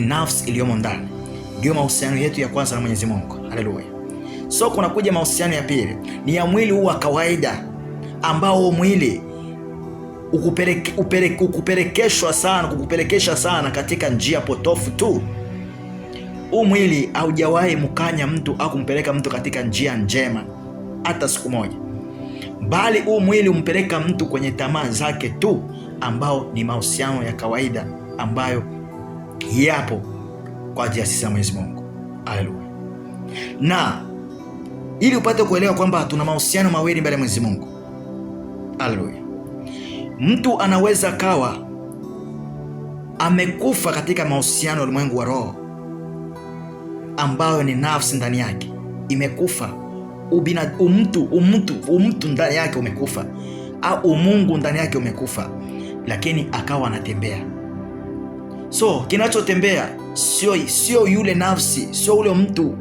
ni nafsi iliyomo ndani. Ndiyo mahusiano yetu ya kwanza na Mwenyezi Mungu. Haleluya! So kunakuja mahusiano ya pili, ni ya mwili huu wa kawaida, ambao mwili ukupeleke, ukupelekeshwa sana kukupelekesha sana katika njia potofu tu. Huu mwili haujawahi mkanya mtu au kumpeleka mtu katika njia njema hata siku moja, bali huu mwili umpeleka mtu kwenye tamaa zake tu, ambao ni mahusiano ya kawaida ambayo yapo kwa ajili ya sisi ya Mwenyezi Mungu. Haleluya. Na ili upate kuelewa kwamba tuna mahusiano mawili mbele ya Mwenyezi Mungu. Haleluya. Mtu anaweza kawa amekufa katika mahusiano ya ulimwengu wa roho, ambayo ni nafsi ndani yake imekufa, ubina umtu umtu umtu ndani yake umekufa, au umungu ndani yake umekufa, lakini akawa anatembea So kinachotembea sio sio yule nafsi, sio ule mtu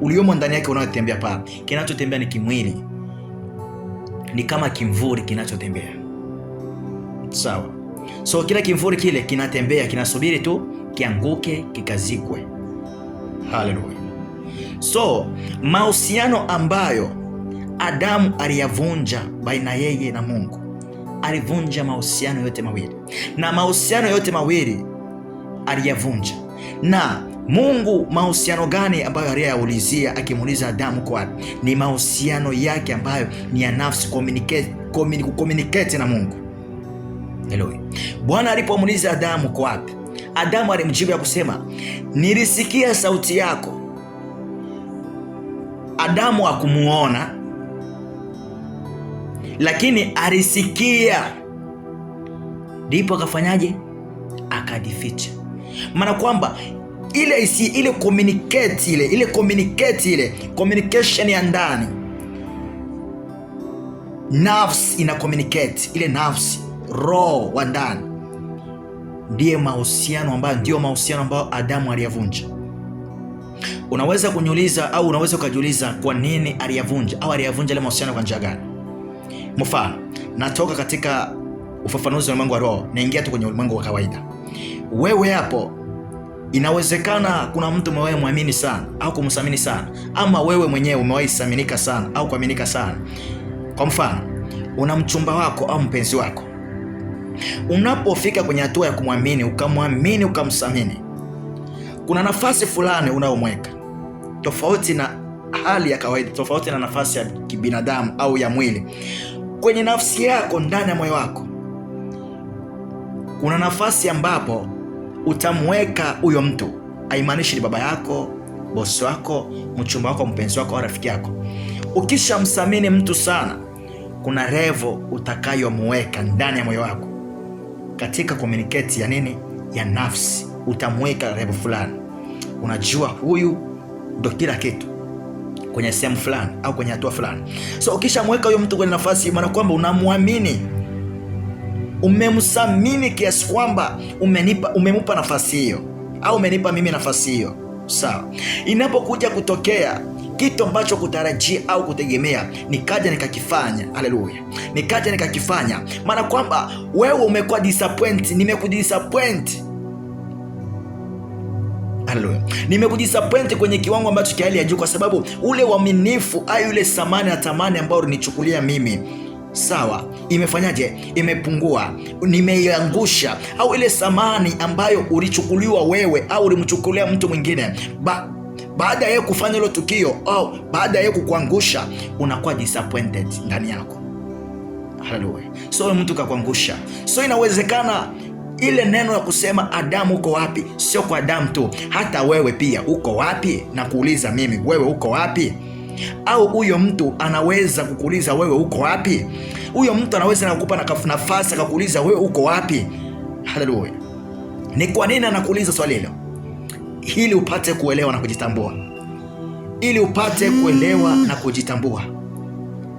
uliomo ndani yake unayotembea pale. Kinachotembea ni kimwili, ni kama kimvuri kinachotembea sawa. So kila kimvuri kile kinatembea, kinasubiri tu kianguke, kikazikwe. Haleluya! So mahusiano ambayo Adamu aliyavunja baina yeye na Mungu, alivunja mahusiano yote mawili, na mahusiano yote mawili aliyavunja. Na Mungu mahusiano gani ambayo aliyaulizia, akimuuliza Adamu kwa ni mahusiano yake ambayo ni ya nafsi kukomuniketi na Mungu. Bwana alipomuuliza Adamu kwa wapi, Adamu alimjibu ya kusema nilisikia sauti yako. Adamu hakumuona lakini alisikia, ndipo akafanyaje? Akajificha maana kwamba ile isi, ile communicate ile ile communicate ile communication ya ndani nafsi ina communicate ile nafsi roho wa ndani, ndiye mahusiano ambayo ndio mahusiano ambayo Adamu aliyavunja. Unaweza kuniuliza au unaweza ukajiuliza kwa nini aliyavunja au aliyavunja ile mahusiano kwa njia gani? Mfano, natoka katika ufafanuzi wa ulimwengu wa roho, naingia tu kwenye ulimwengu wa kawaida wewe hapo, inawezekana kuna mtu umewahi mwamini sana au kumsamini sana, ama wewe mwenyewe umewahi saminika sana au kuaminika sana. Kwa mfano, una mchumba wako au mpenzi wako, unapofika kwenye hatua ya kumwamini, ukamwamini, ukamsamini, kuna nafasi fulani unaomweka tofauti na hali ya kawaida, tofauti na nafasi ya kibinadamu au ya mwili. Kwenye nafsi yako, ndani ya moyo wako, kuna nafasi ambapo utamweka huyo mtu, haimaanishi ni baba yako, bosi wako, mchumba wako, mpenzi wako au rafiki yako. Ukishamsamini mtu sana, kuna revo utakayomuweka ndani ya moyo wako katika komuniketi ya nini, ya nafsi, utamweka revo fulani. Unajua huyu ndo kila kitu kwenye sehemu fulani au kwenye hatua fulani. So ukishamweka huyo mtu kwenye nafasi, maana kwamba unamwamini umemsamini kiasi kwamba umenipa umempa nafasi hiyo, au umenipa mimi nafasi hiyo. Sawa, inapokuja kutokea kitu ambacho kutarajia au kutegemea, nikaja nikakifanya. Haleluya, nikaja nikakifanya, maana kwamba wewe umekuwa disappoint, nimekudisappoint. Haleluya, nimekudisappoint kwenye kiwango ambacho kihali ya juu, kwa sababu ule uaminifu au ile samani na tamani ambayo ulinichukulia mimi sawa, imefanyaje? Imepungua, nimeiangusha, au ile samani ambayo ulichukuliwa wewe au ulimchukulia mtu mwingine ba baada ya yeye kufanya hilo tukio au baada ya yeye kukuangusha, unakuwa disappointed ndani yako. Haleluya! So mtu kakuangusha, so inawezekana ile neno ya kusema Adamu uko wapi, sio kwa Adamu tu, hata wewe pia uko wapi, na kuuliza mimi, wewe uko wapi? au huyo mtu anaweza kukuuliza wewe uko wapi. Huyo mtu anaweza nakupa na nafasi akakuuliza wewe uko wapi. Haleluya! Ni kwa nini anakuuliza swali hilo? Ili upate kuelewa na kujitambua, ili upate kuelewa na kujitambua.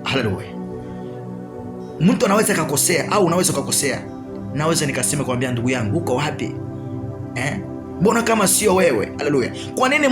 Haleluya! Mtu anaweza akakosea, au unaweza ukakosea. Naweza nikasema kwambia, ndugu yangu uko wapi? Eh, mbona kama sio wewe? Haleluya! kwa nini